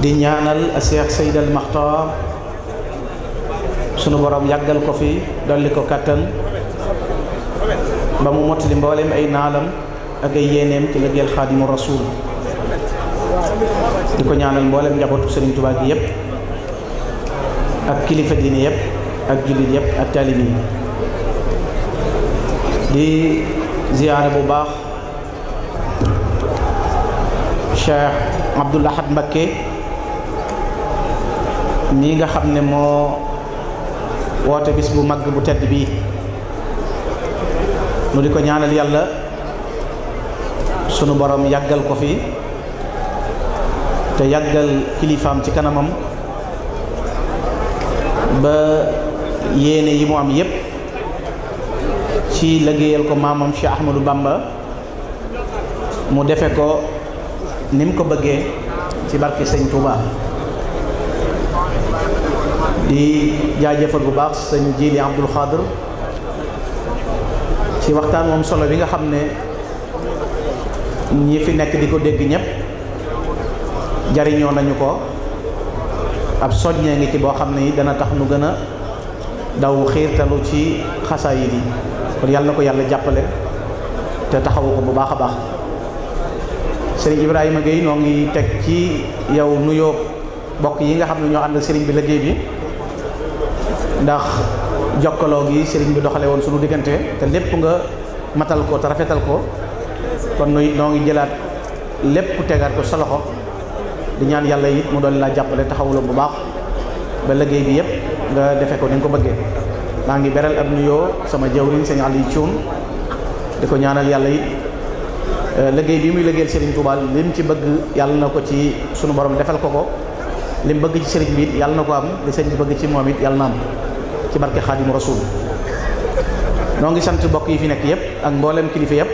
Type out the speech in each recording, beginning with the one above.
di ñaanal Cheikh Seyd al Maxtaar sunu boroom yàggal ko fi dolli ko kàttan ba mu mottali mbooleem ay naalam ak ay yéeneem ci liggéeyal xaadimu rasuul di ko ñaanal mbooleem njabootu Sëriñ Tuubaa gi yépp ak kilifa diine yépp ak jullit yépp ak taalibe yi di ziyaare bu baax Cheikh Abdoul Ahad Mbacké nii nga xam ne moo woote bis bu mag bu tedd bii nu di ko ñaanal yàlla sunu borom yàggal ko fi te yàggal kilifaam ci kanamam ba yéene yi mu am yépp ci liggéeyal ko maamam Cheikh Ahmadou Bamba mu defe ko ni mu ko bëggee ci barke sañ Touba di jaajëfal bu baax sëñ Jili Abdul Xaadir ci waxtaan moom solo bi nga xam ne ñi fi nekk di ko dégg ñépp jariñoo nañu ko ab soññee ngi ci boo xam ne dana tax nu gën a daw xiirtalu ci xasaayid yi kon yàlla na ko yàlla jàppale te taxawu ko bu baax a baax sëriñ Ibrahima Gueye noo ngi teg ci yow nuyoo bokk yi nga xam ne ñoo ànd sëriñ bi liggéey bi ndax jokkaloo gi sëriñ bi doxale woon sunu diggante te lépp nga matal ko te rafetal ko kon nuy noo ngi jëlaat lépp tegaat ko sa loxo di ñaan yàlla it mu doon laa jàppale taxawu la bu baax ba liggéey bi yëpp nga defe ko ni nga ko bëggee maa ngi beral ab nuyoo sama jawriñ sëñ Aliou Thioum di ko ñaanal yàlla it euh, liggéey bi muy liggéeyal Serigne Touba lim ci bëgg yàlla na ko ci sunu boroom defal ko ko lim bëgg ci sëriñ bi yàlla na ko am li sëñ bi bëgg ci moom it yàlla na am ci barke Xaadimu Rasuul noo ngi sant mbokk yi fi nekk yëpp ak mboolem kilifa yëpp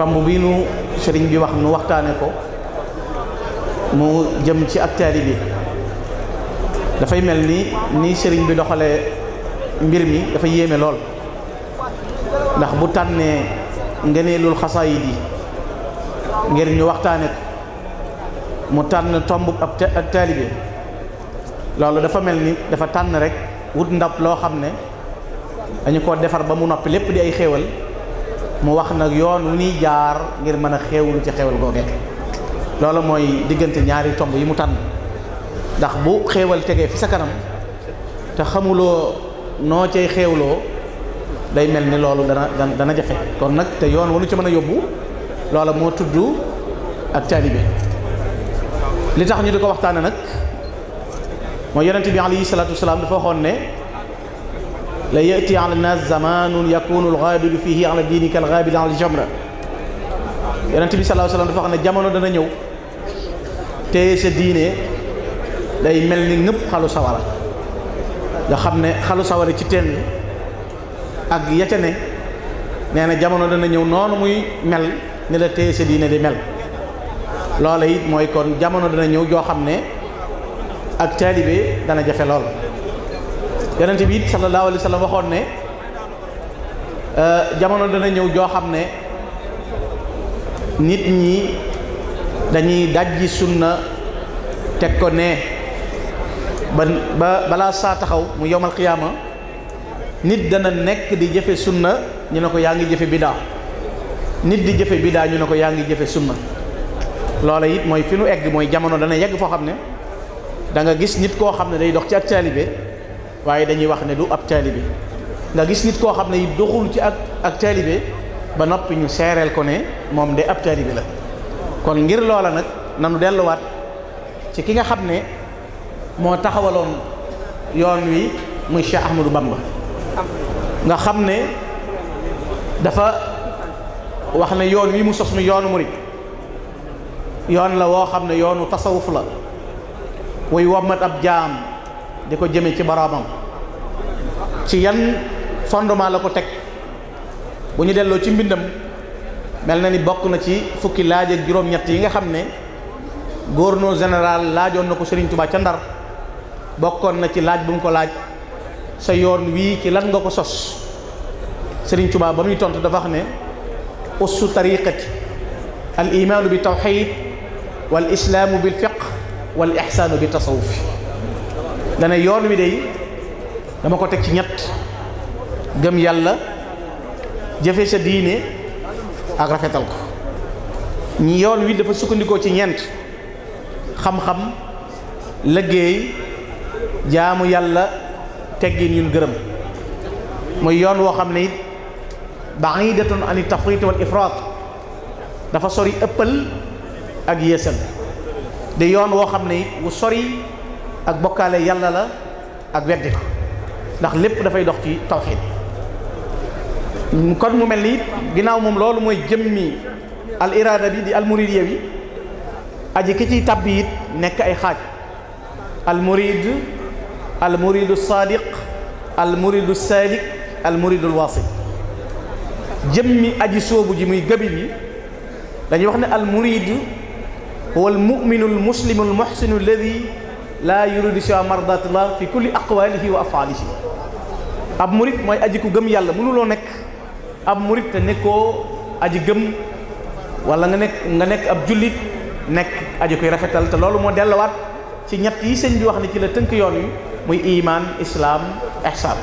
tomb bii nu Serigne bi wax nu waxtaane ko mu jëm ci ak taalibe bi. dafay mel ni nii sëriñ bi doxalee mbir mi dafa yéeme lool ndax bu tànnee ngëneelul xasaayid yi ngir ñu waxtaane ko mu tànn tomb ab taalibe loolu dafa mel ni dafa tànn rek wut ndab loo xam ne dañu ko defar ba mu noppi lépp di ay xéewal mu wax nag yoon wu ñuy jaar ngir mën a xéewlu ci xéewal googee loolu mooy diggante ñaari tomb yi mu tànn ndax bu xéewal tegee fi sa kanam te xamuloo noo cay xéewloo day mel ni loolu dana dana jafe kon nag te yoon wanu ci mën a yóbbu loola moo tudd ak taalibe li tax ñu di ko waxtaane nag mooy yonent bi alayhi salaatu wasalaam dafa waxoon ne la yati ala nas zamanun yakunu alxaabilu fihi ala diini kal xaabili ala jamra yonent bi salaa salaam dafa wax ne jamono dana ñëw sa diine day mel ni nëpp xalu sawara nga xam ne xalu sawara ci teen ak yacca ne nee na jamono dana ñëw noonu muy mel ni la téye sa diine di mel loola it mooy kon jamono dana ñëw joo xam ne ak taalibe dana jafe lool yonente bi it sallallahu alayhi wa waxoon ne euh, jamono dana ñëw joo xam ne nit ñi dañuy dajji sunna teg ko ne ba ba balaa saa taxaw mu yomal xiyaama nit dana nekk di jëfe sunna ñu ne ko yaa ngi jëfe bidaa nit di jëfe bidaa ñu ne ko yaa ngi jëfe sunna loola it mooy fi nu egg mooy jamono dana yegg foo xam ne danga gis nit koo xam ne day dox ci ak taalibe waaye dañuy wax ne du ab taalibe nga gis nit koo xam ne it doxul ci ak ak taalibe ba noppi ñu seereel ko ne moom de ab taalibe la kon ngir loola nag nanu delluwaat ci ki nga xam ne moo taxawaloon yoon wi muy Cheikh Ahmadou Bamba nga xam ne dafa wax ne yoon wi mu sos mi yoonu murid yoon la woo xam ne yoonu tasawuf la wuy wommat ab jaam di ko jëme ci boroomam ci yan fondement la ko teg bu ñu delloo ci mbindam mel na ni bokk na ci fukki laaj ak juróom-ñett yi nga xam ne gouverneur général laajoon na ko Serigne Touba ca Ndar bokkoon na ci laaj bu mu ko laaj sa yoon wii ci lan nga ko sos Sëriñ Tuubaa ba muy tontu dafa wax ne ussu tariqati al imaanu bi tawxid wal islaamu bil fiq wal ixsaanu bi tasawuf dana yoon wi day dama ko teg ci ñett gëm yàlla jëfe sa diine ak rafetal ko ñi yoon wi dafa sukkandikoo ci ñeent xam-xam liggéey jaamu yàlla teggin yuñ gërëm muy yoon woo xam ne it baidatun ani tafrit wal ifraat dafa sori ëppal ak yéesal di yoon woo xam ne it wu sori ak bokkaale yàlla la ak weddi ko ndax lépp dafay dox ci tawxiid kon mu mel ni it ginnaaw moom loolu mooy jëmmi al iraada bi di al muridiya bi aji ki ciy tàbbi it nekk ay xaaj almurid almuridu saadiq almuridu saalik almuridul waasit jëmmi aji soobu ji muy gëbi bi dañuy wax ne almurid huwa almuminu almuslimu almuxsinu alladi laa yuridu siwa mardatillah fi kulli aqwalihi wa afaalihi ab murid mooy aji ku gëm yàlla mënuloo nekk ab murid te nekkoo aji gëm wala nga nekk nga nekk ab jullit nekk aji koy rafetal te loolu moo delluwaat ci ñett yi sëñ bi wax ne ci la tënk yoon wi muy iman islaam ihsaan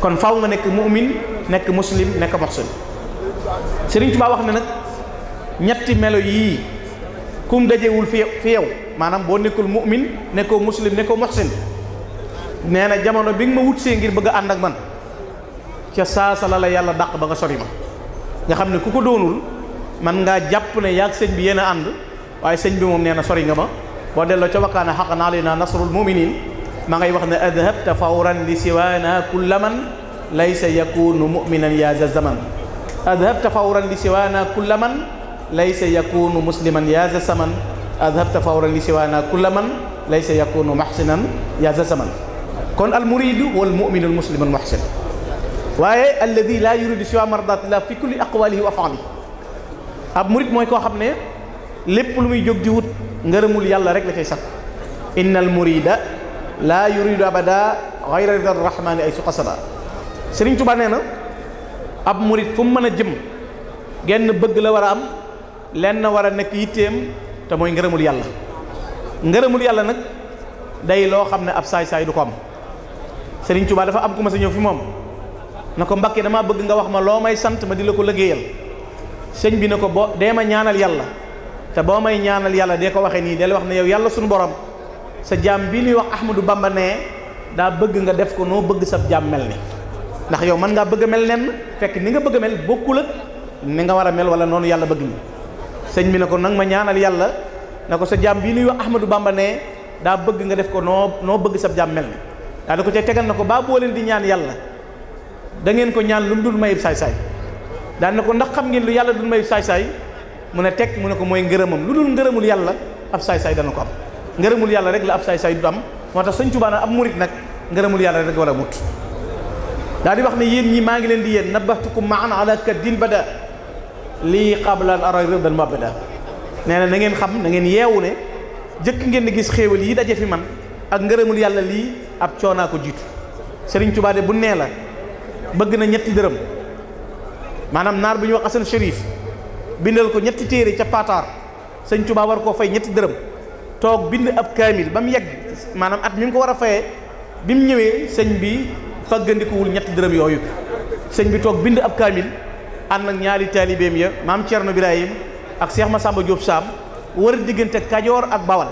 kon faaw nga nekk mu'min nekk muslim nekk muhsin Sëriñ Tuubaa wax ne nag ñetti melo yii kum dajewul fi fi yow maanaam boo nekkul mu'min nekkoo muslim nekkoo muhsin nee na jamono bi nga ma wut see ngir bëgg ànd ak man ca saasa la yàlla dàq ba nga sori ma nga xam ne ku ko doonul man ngaa jàpp ne yaag sëñ bi yéen a ànd waaye sëñ bi moom nee na sori nga ma boo delloo ca wakkaana xaqan alayna nasrul muminin ma ngay wax ne adhabta fawran li siwaana kulla man laysa yakunu muminan ya za zaman adhabta fawran li siwaana kulla man laysa yakunu musliman ya za zaman adhabta fawran li siwaana kulla man laysa yakunu muhsinan ya za zaman kon al muridu wal muminu al muslimu al muhsin waaye alladi laa wa murid mooy koo xam ne lépp lu muy jóg di wut ngërëmul yàlla rek la cay sakku innal murida laa yuridu abada xayra ridar rahmani ay suqasada Sëriñ Tuubaa nee na ab murit fu mën a jëm genn bëgg la war a am lenn war a nekk yitteem te mooy ngërëmul yàlla ngërëmul yàlla nag day loo xam ne ab saay-saay du ko am Sëriñ Tuubaa dafa am ku ma sa ñëw fi moom na ko Mbàkke damaa bëgg nga wax ma loo may sant ma di la ko liggéeyal sëñ bi na ko boo dee ma ñaanal yàlla te boo may ñaanal yàlla dee ko waxee nii del wax na yow yàlla suñu borom sa jaam bii ñuy wax Ahmadou Bamba nee daa bëgg nga def ko noo bëgg sab jaam mel ni ndax yow mën ngaa bëgg a mel nen fekk ni nga bëgg a mel bokkul ak ni nga war a mel wala noonu yàlla bëgg ni sëñ bi ne ko nag ma ñaanal yàlla ne ko sa jaam bii nuy wax Ahmadou Bamba nee daa bëgg nga def ko noo noo bëgg sab jaam mel ni daal di ko ca tegal na ko baa boo leen di ñaan yàlla da ngeen ko ñaan lu mu dul mayib saay mu ne teg mu ne ko mooy ngërëmam lu dul ngërëmul yàlla ab saay-saay dana ko am ngërëmul yàlla rek la ab saay-saay du am moo tax sëñ Tuubaa na ab murit nag ngërëmul yàlla rek war a mut daal di wax ne yéen ñi maa ngi leen di yéen nabahtukum maan ala ba bada lii rek al ara ba mabada nee na na ngeen xam na ngeen yeewu ne jëkk ngeen di gis xéewal yi daje fi man ak ngërëmul yàlla lii ab coonaa ko jiitu Sëriñ Tuubaa de bu nee la bëgg na ñetti dërëm maanaam naar bu ñuy wax Asan Chérif bindal ko ñetti téere ca paataar sëñ Tuubaa war koo fay ñetti dërëm toog bind ab kaamil ba mu yegg maanaam at mi mu ko war a fayee bi mu ñëwee sëñ bi faggandikuwul ñetti dërëm yooyu sëñ bi toog bind ab kaamil ànd ak ñaari taalibeem ya maam Cerno Birahim ak Seex Masamba Jóob Saam war diggante Kajoor ak Bawal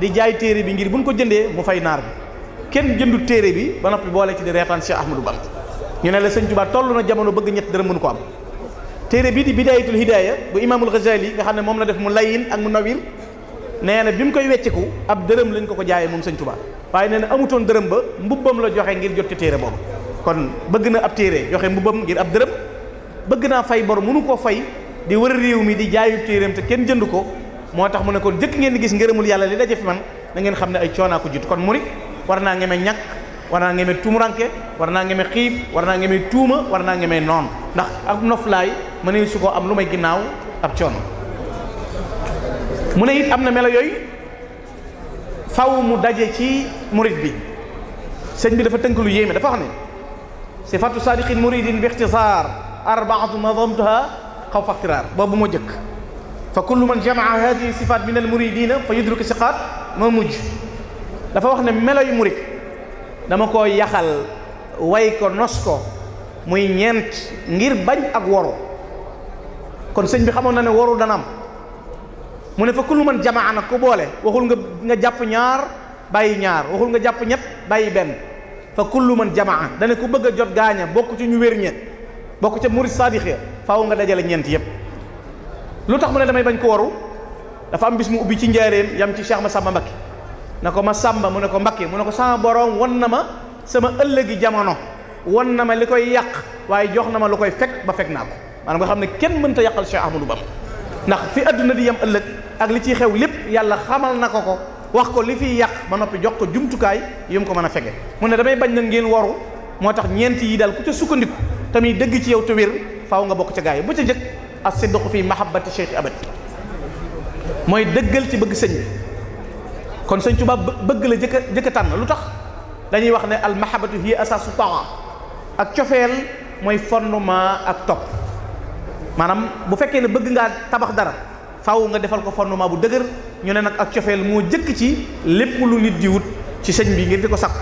di jaay téere bi ngir buñ ko jëndee mu fay naar bi kenn jëndu téere bi ba noppi boole ci di reetaan Cheikh Ahmadou Bamba ñu ne la sëñ Tuubaa toll na jamono bëgg ñett dërëm mënu ko am téere bii di bidaayatul hidaaya bu imaamul Ghazali nga xam ne moom la def mu layin ak mu nawir nee na bi mu koy wecciku ab dërëm lañ ko ko jaayee moom sëñ Tuubaa waaye nee na amutoon dërëm ba mbubbam la joxe ngir jot ci téere boobu kon bëgg na ab téere joxe mbubbam ngir ab dërëm bëgg naa fay bor mënu koo fay di wër réew mi di jaayu téereem te kenn jënd ko moo tax mu ne kon jëkk ngeen di gis ngërëmul yàlla li daje fi man na ngeen xam ne ay coonaa ko jut kon murit war naa ñeme ñàkk war naa ngemee tumuranke war naa ngemee xiif war naa ngemee tuuma war naa ngemee noon ndax ak noflaay mënee su ko am lu may ginnaaw ab am na melo yooyu faw mu daje ci murit bi sëñ bi dafa tënk lu yéeme dafa wax ne sifatu sadiqin muridin bi ixtisaar arbaatu nadamtuha xaw faxtiraar boobu moo jëkk fa kullu man jamaa hadihi sifaat min al muridina fa yudriku siqaat moo mujj dafa wax ne melo yu murit dama ko yaxal way ko nos ko muy ñeent ngir bañ ak waru kon sëñ bi xamoon na ne waru dana am mu ne fa kullu man jamaa nag ku boole waxul nga nga jàpp ñaar bàyyi ñaar waxul nga jàpp ñett bàyyi benn fa kullu man jamaa dana ku bëgg a jot gaaña bokk ci ñu wér ñett bokk ca murid saadix ya faaw nga dajale ñeent yépp lu tax mu ne damay bañ ko waru dafa am bis mu ubbi ci njaareem yam ci Cheikh Massamba Mbacké na ko ma sàmba mu ne ko mbakke mu ne ko sama boroom wan na ma sama ëllëgi jamono wan na ma li koy yàq waaye jox na ma lu koy fekk ba fekk naa ko maanaam nga xam ne kenn mënta yàqal Cheikh Ahmadou Bamba ndax fi àdduna di yem ëllëg ak li ciy xew lépp yàlla xamal na ko ko wax ko li fiy yàq ba noppi jox ko jumtukaay yu mu ko mën a fege mu ne damay bañ na ngeen waru moo tax ñeent yi daal ku ca sukkandiku tamit dëgg ci yow te wér faaw nga bokk ca gaa yi bu ca jëkk as siddiqu fi mahabbati cheikh abad mooy dëggal ci bëgg sëñ bi kon sëñ Tuubaa bëgg la jëkk jëkk tànn lu tax dañuy wax ne almahabatu hiya su taa ak cofeel mooy fondement ak topp maanaam bu fekkee ne bëgg ngaa tabax dara faw nga defal ko fondement bu dëgër ñu ne nag ak cofeel moo jëkk ci lépp lu nit di wut ci sëñ bi ngir di ko sakk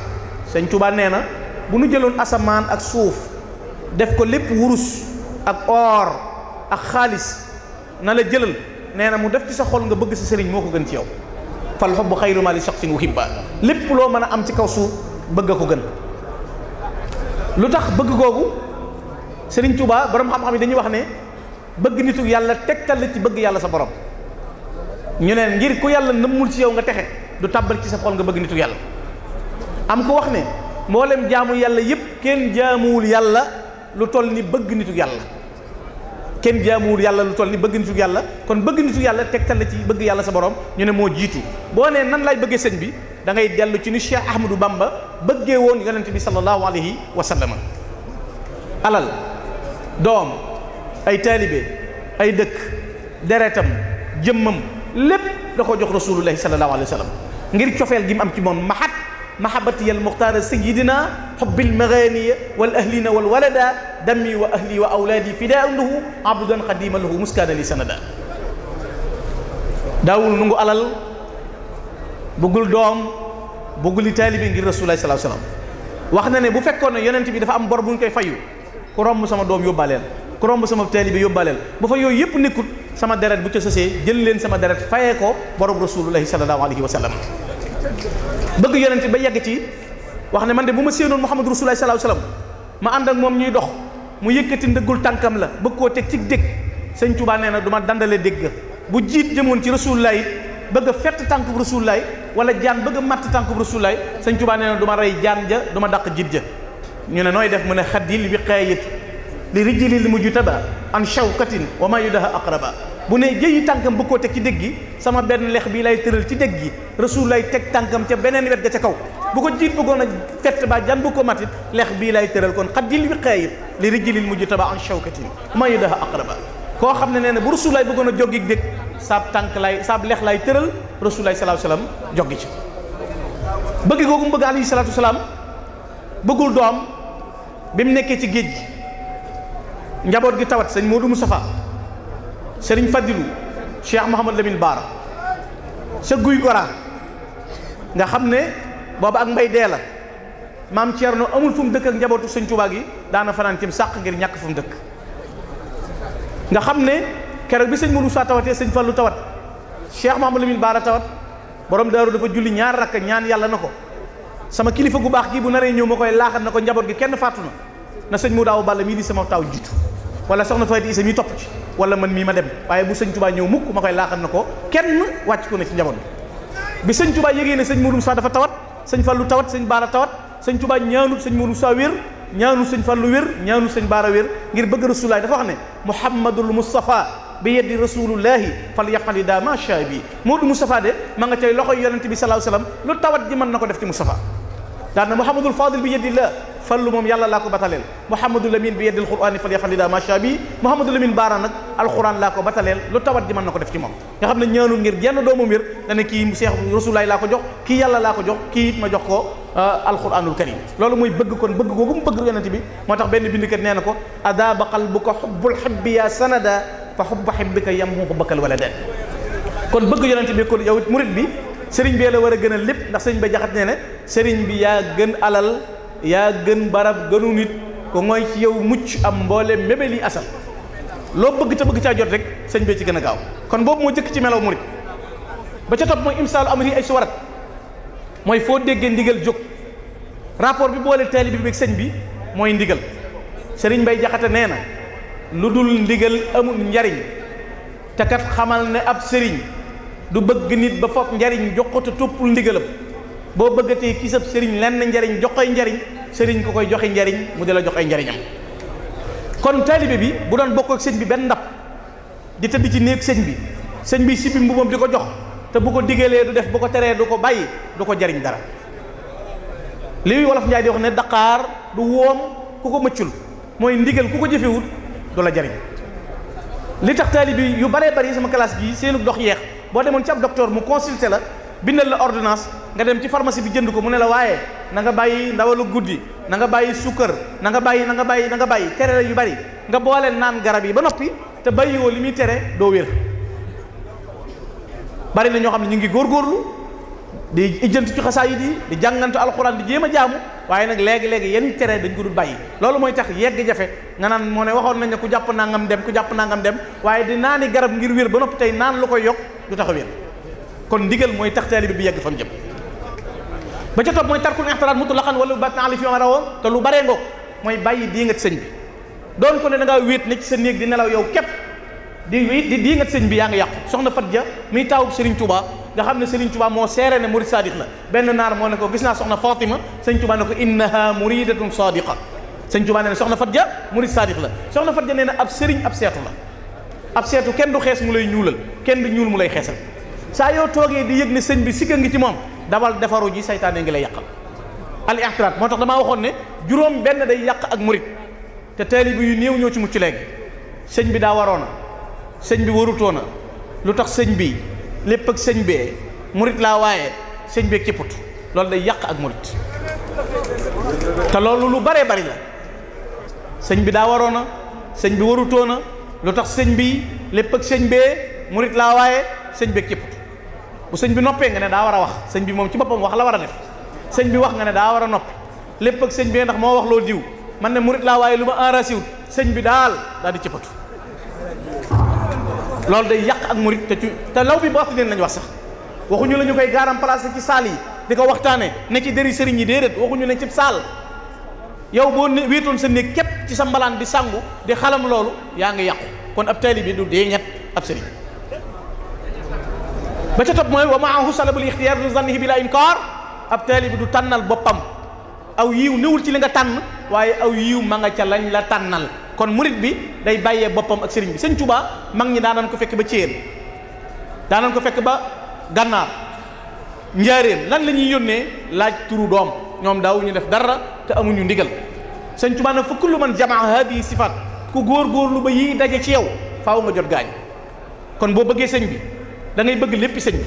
sëñ nee na bu nu jëloon asamaan ak suuf def ko lépp wurus ak or ak xaalis na la jëlal nee na mu def ci sa xol nga bëgg sa sëriñ moo ko gën ci yow fal xubbu xayru ma li shaxsin uhibba lépp loo mën a am ci kaw suuf bëgg a ko gën lu tax bëgg googu Serigne Touba borom xam-xam yi dañuy wax ne bëgg nitu yàlla tegtal la ci bëgg yàlla sa borom ñu ne ngir ku yàlla nëmmul ci yow nga texe du tàbbal ci sa xol nga bëgg nitu yàlla am ko wax ne mboolem jaamu yàlla yépp kenn jaamuwul yàlla lu toll ni bëgg nitu yàlla kenn jaamuwul yàlla lu toll ni bëgg nitu yàlla kon bëgg nitu yàlla tegtal la ci bëgg yàlla sa borom ñu ne moo jiitu boo nee nan lay bëggee sëñ bi da ngay dellu ci ni Cheikh Ahmadou Bamba bëggee woon yonente bi sallallahu alayhi wa sallam alal doom ay taalibe ay dëkk deretam jëmmam lépp da ko jox rasulullahi sallallahu alayhi wa sallam ngir cofeel gi mu am ci moom mahat mahabbati yal muxtaara sayidina xubbil maganiya wal ahlina wal walada dammi wa ahli wa awlaadi fidaa lahu abdan xadima lahu muskaana li sanada daawul nungu alal bëggul doom bëgguli taalibi ngir rasulullahi sallallahu alayhi wasallam wax na ne bu fekkoon ne yonent bi dafa am bor bu ñu koy fayu ku romb sama doom yóbbaaleel ku romb sama taalibi yóbbaaleel bu fa yooyu yëpp nekkut sama deret bu ca sosee jël leen sama deret fayee ko borub rasulullahi sallallahu alayhi wa sallam bëgg yonent ba yegg ci wax ne man de bu ma séenoon Muhammadu Rasulullaah sallallaahu alayhi wa sallam ma ànd moom ñuy dox mu yëkkati ndëggul tànkam la bëgg koo teg ci dégg sëñ Tuubaa nee na du ma dandale bu jiit jëmoon ci Rasulullaah it bëgg a fett tànkub Rasulullaah wala jaan bëgg a matt tànkub Rasulullaah sëñ Tuubaa nee na du ma rey jaan ja du ma dàq jiit ja ñu ne nooy def mu ne xadil wiqaayatu li rijlil mujtaba an shawkatin wa ma yudaha aqraba bu ne jëyi tànkam bëgg koo teg ci dégg gi sama benn lex bii lay tëral ci dégg gi rasul lay teg tànkam ca beneen wet ga ca kaw bu ko jiit bëggoon a fett ba jan bu ko matit lex bii lay tëral kon xaddil wi xaayit li rijlil mujj taba an shawkatin ma yu daha aqraba koo xam ne nee na bu rasul lay bëggoon a joggi dégg saab tànk lay saab lex lay tëral rasul lay salaahu salaam joggi ci bëgg googu bëgg alayhi salaat salaam bëggul doom bi mu nekkee ci géej gi gi tawat sëñ Modou Moustapha sëriñ Fadilu Cheikh Mouhamad Lamine Baara sa guy Goraa nga xam ne booba ak mbay dee la maam Thierno amul fu mu dëkk ak njabootu sëñ Tuubaa gi daana fanaan cim sàq ngir ñàkk fu dëkk nga xam ne keroog bi sëñ Modou Sa tawatee sëñ Fallou tawat Cheikh Mouhamad Lamine Baara tawat borom daaru dafa julli ñaar rakk ñaan yàlla na ko sama kilifa gu baax gi bu naree ñëw ma koy laaxal na ko njaboot gi kenn fàttu na na sëñ mu daaw Balla mii di sama taw jiitu wala soxna Faati Isa mi topp ci wala man mii ma dem waaye bu sañ Tuubaa ñëw mukk ma koy laaxal na ko kenn wàcc ko na ci njaboot bi bi sañ Tuubaa yëgee ne sëñ Modou Moussa dafa tawat sëñ Fallou tawat sëñ Baara tawat sëñ Tuubaa ñaanut sëñ Modou Moussa wér ñaanul sëñ Fallou wér ñaanul sëñ Baara wér ngir bëgg rasulullahi dafa wax ne Muhammadul Mustafa bi yeddi rasulullahi fal yaqali daa macha bi Modou Moustapha de man nga cay loxo yonente bi salaahu salaam lu tawat ji mën na ko def ci Moustapha daan fallu moom yàlla laa ko bataleel Mouhamadou Lamine bi yeddil qur'aani fal yafalida macha bi Mouhamadou Lamine baara nag alquran laa ko bataleel lu tawat ji mën na ko def ci moom nga xam ne ñaanul ngir jenn doomu mbir dana kii Seex Rasulaay laa ko jox kii yàlla laa ko jox kii ma jox ko ah, alquranul karim loolu mooy bëgg kon bëgg googu mu bëgg yonente bi moo tax benn bindkat nee na ko adaaba qalbuka xubbul xibbi ya sanada fa xubba xibbika yamhu xubbakal waladan kon a a lépp ndax ba jaxat nee ne sëriñ bi yaa gën barab gënu nit ko mooy ci yow mucc am mboole mébél yi asal loo bëgg te bëgg caa jot rek sëñ bee ci gën a gaaw kon boobu moo jëkk ci melaw murit ba ca topp mooy imsaalu amri ay suwarat mooy foo déggee ndigal jóg rapport bi boole taalibe bi ak sëñ bi mooy ndigal sëriñ Bay Jaxate nee na lu dul ndigal amul njariñ te kat xamal ne ab sëriñ du bëgg nit ba fob njariñ jox ko te toppul ndigalam boo bëggatee ci sab sëriñ lenn njariñ jox koy njariñ sëriñ ko koy joxe njariñ mu di la jox ay njariñam kon taalibe bi bu doon bokk ak sëñ bi benn ndab di tëdd ci néeg sëñ bi sëñ bi sibbi mbubam di ko jox te bu ko digalee du def bu ko teree du ko bàyyi du ko jariñ dara li wolof njaay di wax ne daqaar du woom ku ko mëccul mooy ndigal ku ko jëfewut du la jariñ li tax taalibe yu baree bari sama classe gi seenu dox yeex boo demoon ci ab docteur mu la bindal la ordinance nga dem ci pharmacie bi jënd ko mu ne la waaye nanga nga bàyyi ndawalu guddi na nga bàyyi sukkar na nga bàyyi na nga bàyyi na nga bàyyi tere la yu bari nga boole naan garab yi ba noppi te bàyyiwoo li muy tere doo wér bari na ñoo xam ne ñu ngi góor góorgóorlu di ijjanti ci xasaayid yi di jàngantu alxuraan di jéem a jaamu waaye nag léegi-léegi yenn tere dañ ko dul bàyyi loolu mooy tax yegg jafe nga naan moo ne waxoon nañ ne ku jàpp nangam dem ku jàpp nangam dem waaye di naani garab ngir wér ba noppi tey naan lu koy yokk du tax a kon ndigal mooy tax taalibe bi yegg fa mu jëm ba ca topp mooy tarkul ixtiraat mutlaqan wala bat na ali fi a rawoon te lu baree ngoog mooy bàyyi dii ngat sëñ bi doon ko ne da ngaa wéet ne ci sa néeg di nelaw yow képp di wéet di dii ngat sëñ bi yaa ngi yàqu soxna fat ja muy taawub sëriñ tubaa nga xam ne Serigne tubaa moo seere ne murid sadiq la benn naar moo ne ko gis naa soxna Fatima Serigne Touba ne ko innaha muridatun sadiqa Serigne Touba ne soxna fat ja murid sadiq la soxna fat ja nee ab sëriñ ab seetu la ab seetu kenn du xees mu lay ñuulal kenn du ñuul mu xeesal saa yoo toogee di yëg ne sëñ bi sikka ngi ci moom damal defaru ji seytaanee ngi lay yàqal al ixtiraat moo tax damaa waxoon ne juróom benn day yàq ak murit te taalibe yu néew ñoo ci mucc léegi sëñ bi daa na sëñ bi na lu tax sëñ bi lépp ak sëñ bee murit laa waaye sëñ bee kipput loolu day yàq ak murit te loolu lu baree bari la sëñ bi daa waroon na sëñ bi na lu tax sëñ bi lépp ak sëñ bee murit laa waaye sëñ bee kipput bu sëñ bi noppee nga ne daa war a wax sëñ bi moom ci boppam wax la war a def sëñ bi wax nga ne daa war a noppi lépp ak sëñ bi ndax moo wax loo jiw man ne murit laa waaye lu ma enracié wut sëñ bi daal daal di cëppatu loolu day yàq ak murit te ci te law bi baax leen lañ wax sax waxuñu la ñu koy gaaram placé ci saal yi ne ci dëri sëriñ yi déedéet waxuñu ne ci saal yow boo ne wéetoon sa néeg képp ci sa mbalaan di sangu di xalam loolu yaa ngi yàqu kon ab taalibe bi du dee ñett ab sëriñ ba ca topp mooy wa maahu salabul ixtiyaar li zannihi bi la inkaar ab taalibi du tànnal boppam aw yiw newul ci li nga tànn waaye aw yiw ma nga ca lañ la tànnal kon murit bi day bàyyee boppam ak sëriñ bi sëñ Tuubaa mag ñi daanañ ko fekk ba Céyeen daanañ ko fekk ba gànnaar njaaréem lan la ñuy yónnee laaj turu doom ñoom daawu ñu def dara te amuñu ndigal sëñ Tuubaa nag fukk lu man jamaa haadihi sifaat ku góor góorlu ba yii daje ci yow faaw nga jot gaañ kon boo bëggee sëñ bi dangay bëgg léppi sëñ bi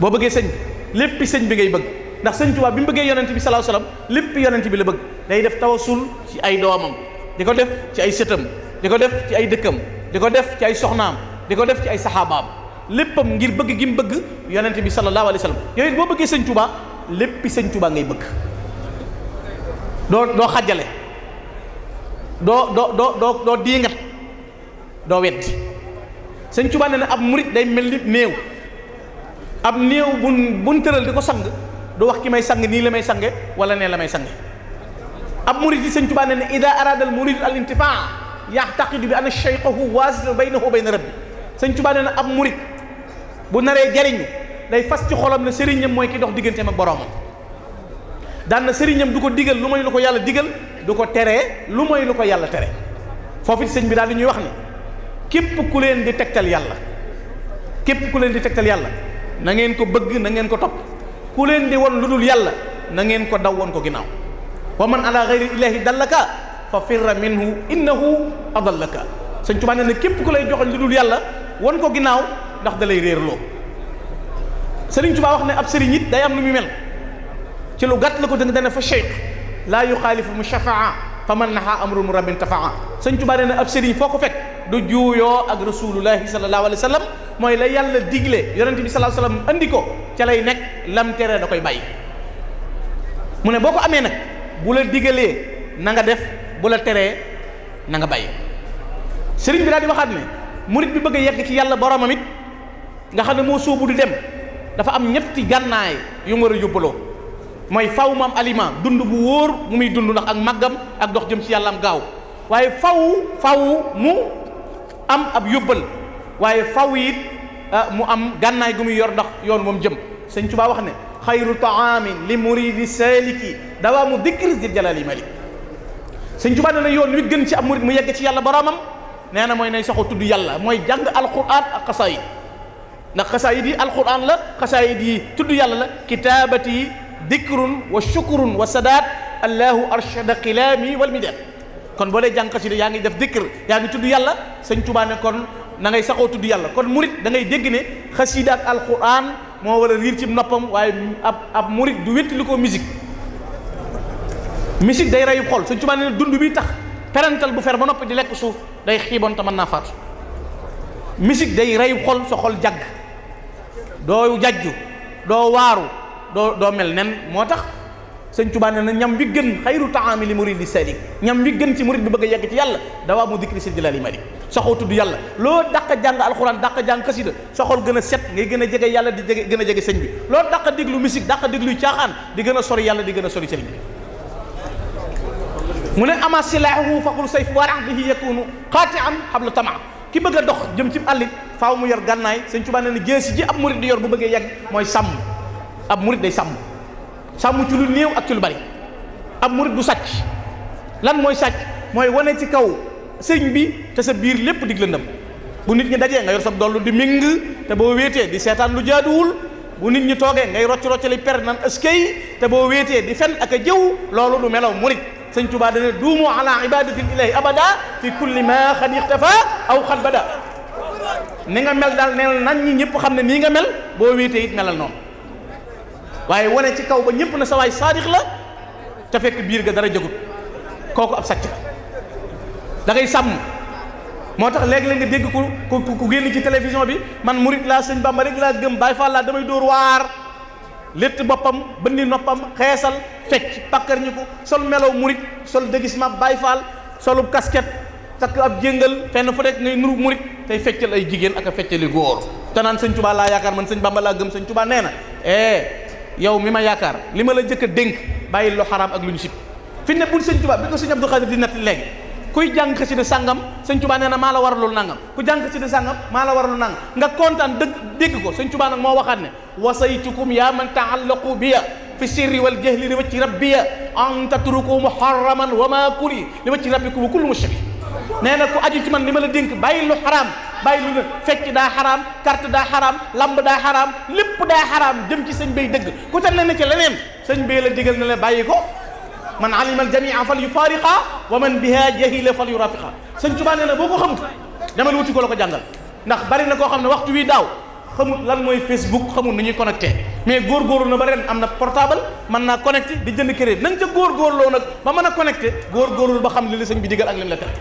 boo bëggee sëñ lépp léppi sëñ bi ngay bëgg ndax sëñ Tuubaa bi mu bëggee yonent bi salaahu salaam lépp yonent bi la bëgg day def tawasul ci ay doomam di ko def ci ay sëtam di ko def ci ay dëkkam di ko def ci ay soxnaam di ko def ci ay saxaabaam léppam ngir bëgg gi mu bëgg yonent bi sallallahu alayhi wa sallam yooyu boo bëggee sëñ Tuubaa léppi sëñ Tuubaa ngay bëgg doo doo xajale doo doo doo doo doo diingat doo weddi sëñ Tuubaa na ab murit day mel ni néew ab néew bun bun tëral di ko sang du wax ki may sang nii la may sange wala nee la may sange ab murit yi sëñ Tuubaa nee na ida arada al murid al intifaa yaxtaqidu bi anna cheyqahu waasilu baynahu bayna na sëñ Tuubaa nee na ab murit bu naree jariñu day fas ci xolam ne sëriñam mooy ki dox digganteem ak boroomam daan na sëriñam du ko digal lu mooy lu ko yàlla digal du ko teree lu mooy lu ko yàlla tere foofu sëñ bi daal di ñuy wax ne képp ku leen di tegtal yàlla képp ku leen di tegtal yàlla na ngeen ko bëgg na ngeen ko topp ku leen di won lu dul yàlla na ngeen ko daw woon ko ginnaaw wa man ala gayri ilahi dallaka fa firra minhu innahu adallaka sëñ Tuubaa nee na képp ku lay joxoñ lu dul yàlla won ko ginnaaw ndax da lay réerloo sëriñ Tuubaa wax ne ab sëriñ it day am nu muy mel ci lu gàtt la ko dëng dane fa cheikh laa yuxaalifu mu shafaa fa man naha amru mu rabin tafaa sëñ Tuubaa nee na ab sëriñ foo ko fekk du juuyoo ak rasulullahi sallallahu alayhi wa sallam mooy la yàlla digle yonente bi sallallahu alayhi wa sallam andi ko ca lay nekk lam tere da koy bàyyi mu ne boo ko amee nag bu la digalee na nga def bu la teree nanga nga bàyyi sëriñ bi daal di waxaat ne murit bi bëgg a yegg ci yàlla boromam it nga xam ne moo suubu di dem dafa am ñetti gànnaay yu mu a yóbbaloo mooy faw mu aliment dund bu wóor mu muy dund ndax ak màggam ak dox jëm ci yàlla am gaaw waaye faw faw mu am ab yóbbal waaye faw it ah, mu am gànnaay gu muy yor ndax yoon moom jëm sëñ Tuubaa wax ne xayru taamin li muridi saliki dawaa mu di jalali malik sëñ Tuubaa ne na yoon wi gën ci ab murid mu yegg ci yàlla boroomam nee na mooy nay saxo tudd yàlla mooy jàng alquran ak xasaayid ndax xasaayid yi alquran la xasaayid yi tudd yàlla la kitaabati dikrun wa shukrun wa sadaat allahu arshada qilaami wal midaad kon boo dee jàng xasida yaa ngi def dikkër yaa ngi tudd yàlla sëñ Tuubaa ne kon na ngay saxoo tudd yàlla kon murit dangay ngay dégg ne xasida ak alquran moo war a riir ci noppam waaye ab ab murit du wétti li ko musique musique day reyu xol sëñ Tuubaa dund bi tax perantal bu fer ba noppi di lekk day xiiboon te mën naa faatu musique day reyu xol sa xol jàgg doo jajju doo waaru doo mel nen moo tax sëñ Tuubaa nee ñam bi gën xayru taami li murid di salik ñam bi gën ci murid bi bëgg a ci yàlla dawaa mu dikri sil jalaali malik soxoo tudd yàlla loo daq jàng alxuraan daq jàng kasida soxol gën a set ngay gën a jege yàlla di jege gën a jege sëñ bi loo daq déglu musique daq dégluy caaxaan di gën a sori yàlla di gën a sori sëñ bi mu ne ama silaahu faqul sayf waran bihi am xam habla tama ki bëgg a dox jëm ci àllit faaw mu yor gànnaay sëñ Tuubaa nee na géesi ji ab murid yor bu bëggee yegg mooy sàmm ab murid day sàmm sàmm ci lu néew ak ci lu bari ab murit du sàcc lan mooy sàcc mooy wane ci kaw sëñ bi te sa biir lépp diglandam bu nit ñi dajee nga yor sa dollu di ming te boo wéetee di seetaan lu jaaduwul bu nit ñi toogee ngay rocc rocc li per nan ëskey te boo wéetee di fen ak a jëw loolu du melow murit sëñ Tuubaa dana duumu ala ibadatil ilahi abada fi kulli ma xad ixtafa aw xad bada ni nga mel daal neel nan ñi ñëpp xam ne nii nga mel boo wéetee it melal noonu waaye wane ci kaw ba ñëpp na sawaay saadix la te fekk biir ga dara jagut kooku ab sàcc la da sàmm moo tax léegi la nga dégg ku ku ku génn ci télévision bi man murit laa sëñ Bamba rek laa gëm Baay Faal laa damay dóor waar létt boppam bënni noppam xeesal fecc pàkkar ñi ko sol melow murit sol déguisement Baay Faal solub kasket takk ab jéngal fenn fu rek ngay nuru murit tey feccal ay jigéen ak a feccali góor te naan sëñ Tuubaa laa yaakaar man sëñ Bamba laa gëm sëñ Tuubaa nee na eh, yow mi ma yaakaar li ma la jëkk a dénk bàyyil lu xaraam ak lu ñu sib fi ne bul sëñ Tuubaa bi ko sëñ Abdou Xaadir di natt léegi kuy jàng xasida sàngam sëñ Tuubaa nee na maa la waralul nangam ku jàng xasida sàngam maa la waralul nangam nga kontaan dëgg dégg ko sëñ Tuubaa nag moo waxaat ne wasaytukum yaa man taallaqu biya fi sirri wal jahli li wacci rabbiya an tatruku muharraman wa ma kuli li wacci rabbikum kullu mushrikeen nee na ku aju ci man li ma la dénk bàyyi lu xaraam bàyyi lu nga fecc daa xaraam carte daa xaraam lamb daa xaraam lépp daa xaraam jëm ci sëñ bay dëgg ku tal na ne ci leneen sëñ bay la digal na la bàyyi ko man alima al jamia fal yufaariqa wa man biha jahila fal yurafiqa sëñ Tuubaa nee na boo ko xamut demal wuti ko la ko jàngal ndax bari na koo xam ne waxtu wi daaw xamul lan mooy Facebook xamul nu ñuy connecté mais góorgóorlu na ba ren am na portable mën naa connecté di jënd crédit na nga ca góorgóorloo nag ba mën a connecté góorgóorlu ba xam li la sëñ bi digal ak lim la teg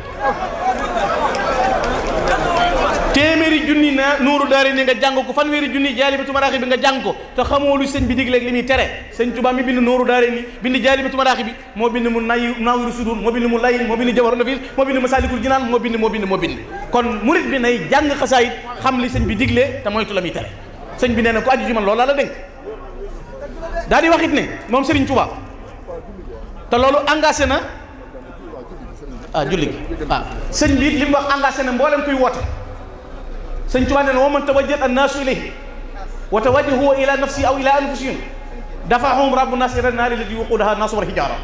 téeméeri junni na nuuru daari nga jàng ko fanweeri junni jaalibatu maraaxi bi nga jàng ko te xamoo lu sëñ bi digleeg li muy tere sëñ Tuubaa mi bind nuuru daari bind jaalibatu bi moo bind mu nay naawiru sudur moo bind mu layin moo bind jawaru nafis moo bind masaalikul jinaan moo bind moo bind moo bind kon murit bi nay jàng xasaayit xam li sëñ bi diglee te moytu la muy tere sëñ bi nee na ko aju ci man loolu laa la dénk daa di wax ne moom ah, ah. Sëriñ li mu wax na mboolem kuy woote sëñ Tuubaa nee na wa man tawajjat annaasu ilayhi wa tawajjahu ila nafsi aw ila anfusihim dafaahum rabbu naas ila naari lati waquudaha naasu wal hijaara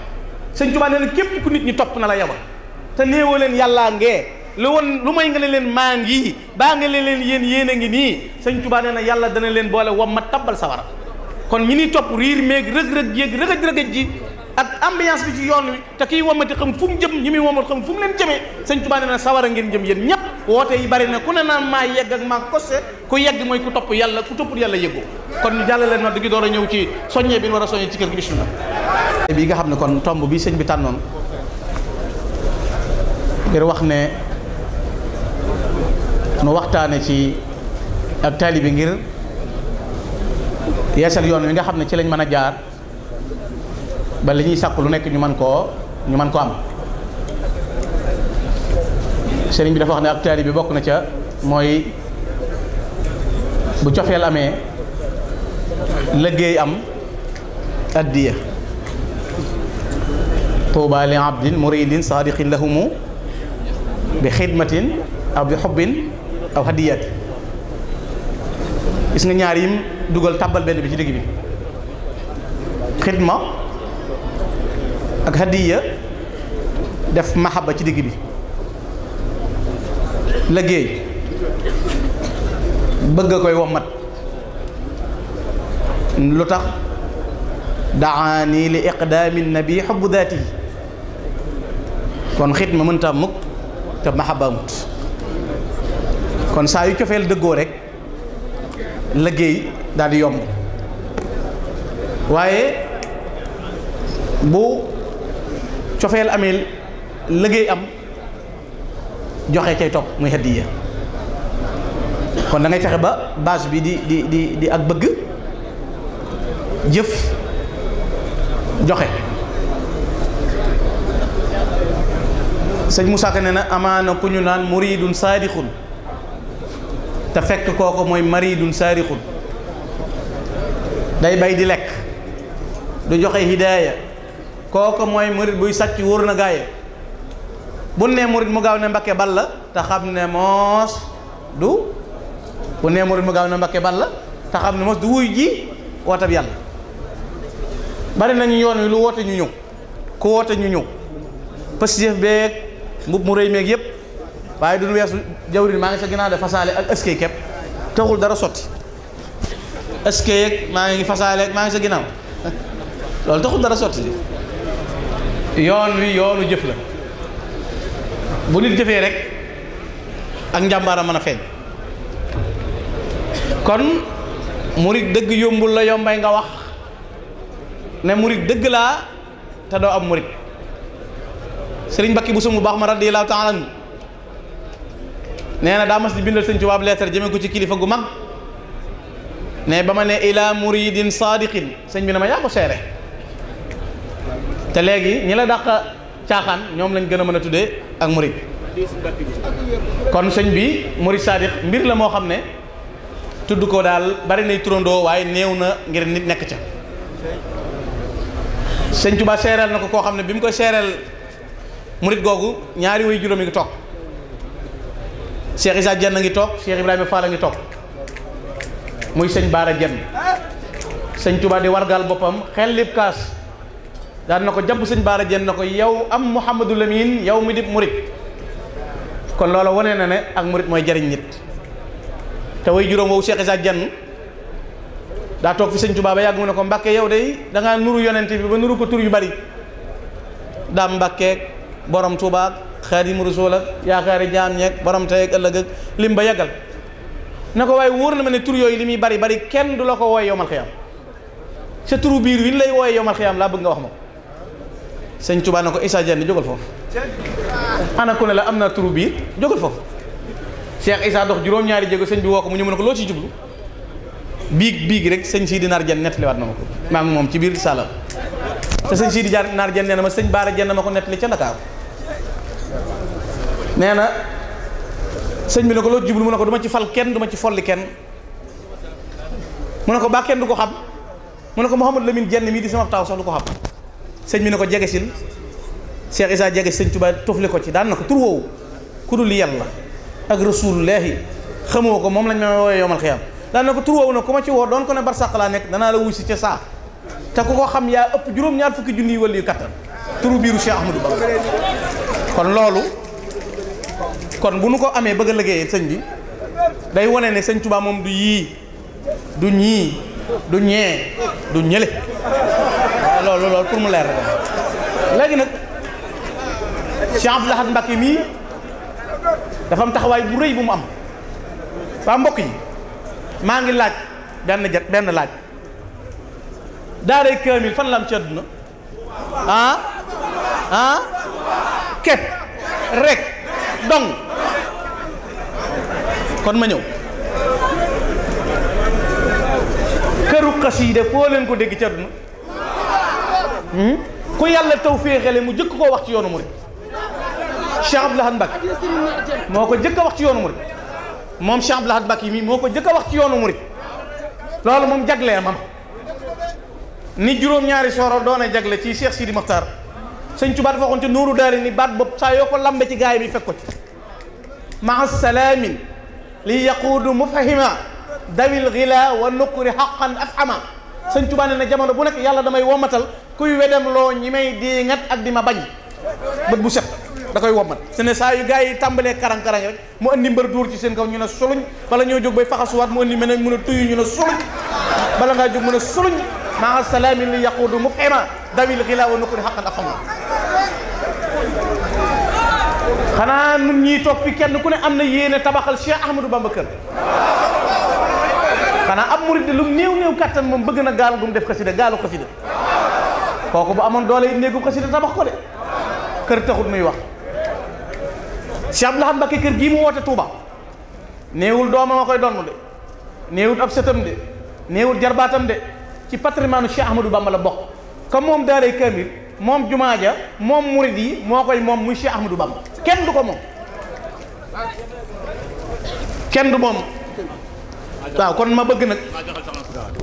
sëñ Tuubaa nee na képp ku nit ñi topp na la yabal te néewoo leen yàllaa ngee lu woon lu may nga leen maa ngi baa nga ne leen yéen yéen a ngi nii sëñ Tuubaa nee na yàlla dana leen boole wam ma tabbal sawara kon ñi ni topp riir méeg rëg-rëg yéeg rëgëj-rëgëj ji ak ambiance bi ci yoon wi te kiy wamati xam fu mu jëm ñi muy womat xam fu mu leen jëmee sëñ Tuubaa nee na woote yi bari na ku ne naan maa yegg ak maa kose ku yegg mooy ku topp yàlla ku toppul yàlla yëggu kon ñu jàllale na di door a ñëw ci soññee bi ñu war a soññee ci kër gi bismillah bi nga xam ne kon tomb bi sëñ bi tànnoon ngir wax ne nu waxtaane ci ak taali bi ngir yeesal yoon wi nga xam ne ci lañ mën a jaar ba li ñuy sàkk lu nekk ñu mën koo ñu mën ko am sëriñ bi dafa wax ne ak taalibe bi bokk na ca mooy bu cofeel amee liggéey am addiya tuuba li abdin muridin saadiqin lahumu bi xidmatin aw bi xubbin aw hadiyat gis nga ñaar dugal tàbbal benn bi ci digg bi xidma ak hadiya def mahaba ci digg bi liggéey bëgg a koy wommat lu tax daani li iqdaami nabi xubbu daati kon xit ma mënta mukk te maxaba amut kon saa yu cofeel dëggoo rek liggéey daal di yomb waaye bu cofeel amee liggéey am joxe cay topp muy hadiya kon dangay fexe ba base bi di di di di ak bëgg jëf joxe sëñ Moussa Ka ne na amaana ku ñu naan muridun saadixun te fekk kooko mooy maridun saadixun day bay di lekk du joxe hidaaya kooko mooy murid buy sàcc wóor na gaaya bu nee murit mu gaaw ne mbakke bal la te xam ne moos du bu nee murit mu gaaw ne mbakke bal la te xam ne moos du wuy ji wootab yàlla bari nañu yoon wi lu woote ñu ñëw ku woote ñu ñëw pësijëf beeg mbub mu rëy meeg yëpp waaye duñu weesu jawrin maa ngi sa ginnaaw de fasaale ak ëskey kepp taxul dara sotti ëskey ak maa ngi fasaale maa ngi sa ginnaaw loolu taxul dara sotti yoon wi yoonu jëf la bu nit jëfee rek ak njàmbaara mën a feeñ kon murit dëgg yombul la yombay nga wax ne murit dëgg laa te doo am murit sëriñ mbakki Buso mu baax ma radiyallaahu taala nee na daa mas di bindal sëñ Tuubaa leetar jëme ko ci kilifa gu mag ne ba ma ne ilaa muridin saadiqin sëñ bi ne ma yaa ko seere te léegi ñi la dàq caaxaan ñoom lañ gën a mën a tuddee ak murid kon sëñ bi murid saadix mbir la moo xam ne tudd ko daal bari nay turandoo waaye néew na ngir nit nekk ca sëñ Tuba seereel na ko koo xam ne bi mu koy seereel murid googu ñaari way juróomi ngi toog Cheikh Issa Dieng ngi toog Cheikh Ibrahima Fall ngi toog muy sëñ Baara Dieng sëñ Tuba di wargal boppam xel lib kaas daan na ko jàpp sëñ Baara jenn na ko yow am Mouhamadou Lamine yow mi di murit kon loola wane na ne ak murit mooy jariñ nit te way juróom woowu Cheikh sa Dieng daa toog fi sëñ Tuubaa ba yàgg mu ne ko Mbàkke yow de da ngaa nuru yonent bi ba nuru ko tur yu bari daam Mbàkke borom Tuubaa Xaadimu Rasuul ak yaakaari jaam ñeeg borom tey ak ëllëg ak lim ba yàggal na ko waaye wóor na ma ne tur yooyu li muy bari bari kenn du la ko wooy yowmal xiyaam sa turu biir wi ñu lay wooye yowmal laa bëgg nga wax ma sëñ Tuubaa ne ko Issa Diagne jógal foofu ana ku ne la am naa turu biir jógal foofu Cheikh Issa dox juróom-ñaari jéego sëñ bi woo ko mu ñu mën ko loo ciy jublu biig biig rek sëñ Sidi Naar Diagne nettaliwaat na ma ko maa ngi moom ci biir sala te sëñ Sidi Jaar Naar Diagne nee na ma sëñ Baara Diagne ma ko nettali ca Ndakaaru nee na sëñ bi ne ko loo jublu mu ne ko du ma ci fal kenn du ci folli kenn mu ne ko ba kenn du ko xam mu ne ko Mouhamadou Lamine Diagne mii di sama taaw sëñ bi ne ko jegesil Cheikh Issa jege sëñ Tuubaa tofli ko ci daan na ko tur woowu ku dul yàlla ak rasulullahi xamoo ko moom lañ ma woowee yomal xiyam daan na ko tur woowu nag ku ma ci woo doon ko ne barsàq laa nekk danaa la wuy si ca saa te ku ko xam yaa ëpp juróom-ñaar fukki junni wala yu kattan turu biiru Cheikh Ahmadou Bamba kon loolu kon bu nu ko amee bëgg a liggéeyee sëñ bi day wone ne sëñ Tuubaa moom du yii du ñii du ñee du ñële loolu lool pour mu leer la léegi nag Cheikh Abdoul Ahad Mbacké mii dafa am taxawaay bu rëy bu mu am waa mbokk yi maa ngi laaj benn jat benn laaj daaray kaamil fan la am ci àdduna ah ah képp rek dong kon ma ñëw këru xasiida foo leen ko dégg ci àdduna Hmm? ku yàlla taw féexale mu jëkk koo wax ci yoonu murid Cheikh Abdou Lahad Mbacké moo ko jëkk wax ci yoonu murid moom Cheikh Abdou Lahad yi mii moo ko jëkk wax ci yoonu murid loolu moom jaglee mam ni juróom-ñaari sooro doona jagle ci Cheikh Sidi Mokhtar sëñ Tuubaa dafa ci nuuru daari ni baat bopp saa yoo ko lambe gaay bi fekk ko ci maa salaamin li yaquudu mufahima dawil gila wa nukri xaqan afhama sëñ Tuubaa ne na jamono bu nekk yàlla damay womatal kuy wedam loo ñi may di ngat ak di ma bañ bët bu set da koy wommat se saa yu gaa yi tàmbalee karang-karang rek mu andi mbër dóor ci seen kaw ñu ne soluñ bala ñoo jóg bay faxasuwaat mu andi mel ne mun a tuyu ñu ne soluñ bala ngaa jóg mun a soluñ maa salaami li yaquudu mu xema dawil xilaa wa nukuri xaqan ak xamul xanaa nun ñiy toog fi kenn ku ne am na yéene tabaxal Cheikh Ahmadou Bamba kër xanaa ab murid lu néew néew kàttan moom bëgg na gaal gu mu def xasida gaalu xasida kooku bu amoon doole yi néegum xasida tabax ko de kër taxut muy wax Cheikh Abdoul Ahad Mbacké kër gii mu woote tuuba néewul doomam a koy donn de néewul ab sëtam de néewul jarbaatam de ci patrimoine Cheikh Ahmadou Bamba la bokk comme moom daaray Kamil moom jumaa ja moom murid yi moo koy moom muy Cheikh Ahmadou Bamba kenn du ko moom kenn du moom waaw kon ma bëgg nag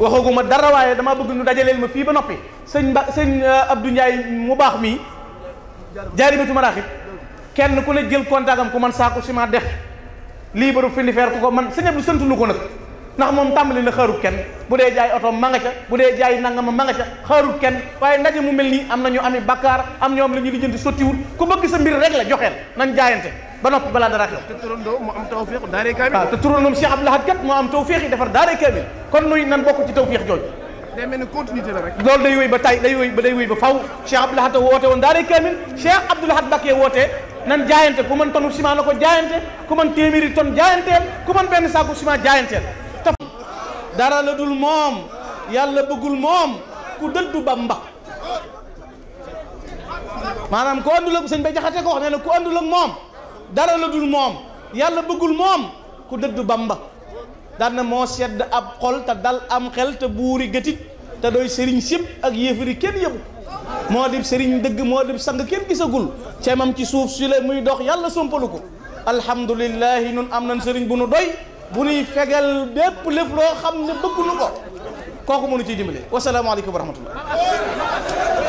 waxaguma dara waaye dama bëgg ñu dajaleel ma fii ba noppi sëñ ba sëñ euh, Abdou Ndiaye mu baax mii jaaribatu maraaxib kenn ku ne jël contact am ku man saako ciment def liibaru filifeer ku ko man sëñ Abdou sant lu ko nag ndax moom tàmbali na xaarut kenn bu dee jaay oto ma nga ca bu dee jaay nangama ma nga ca xaarut kenn waaye ndaje mu mel nii am na ñu ami bakkaar am ñoom la ñu lijjanti sottiwul ku bëgg sa mbir rek la joxeel nañ jaayante ba noppi balaa dara xew. te turandoo mu am tawféex daaree kaamil. waaw te turandoom Cheikh Abdou Lahad kat moo am tawféex yi defar daaree kaamil kon nuy nan bokk ci tawféex jooju. day day wéy ba tay day wéy ba day wéy ba faw Cheikh Abdou Lahad woote woon daaree kaamil Cheikh Abdou Lahad Mbacké wootee nan jaayante ku mën tonu ciment na ko jaayante ku mën téeméeri ton jaayanteel ku mën benn saaku ciment dara la dul moom yàlla bëggul moom ku dëddu Bamba maanaam ku àndul ak sëñ Bay Jaxate ko wax nee na ku àndul ak moom dara la dul moom yàlla bëggul moom ku dëddu Bamba daan na moo sedd ab xol te dal am xel te buuri gëtit te doy sëriñ sëpp ak yéefari kenn yëpp moo dib sëriñ dëgg moo dib sang kenn gisagul ceemam ci suuf si la muy dox yàlla sompalu ko alhamdulillahi nun am nañ sëriñ bu nu doy bu nuy fegal bépp lépp loo xam ne bëggunu ko kooku mënu ciy dimbale wasalaamaaleykum wa rahmatullah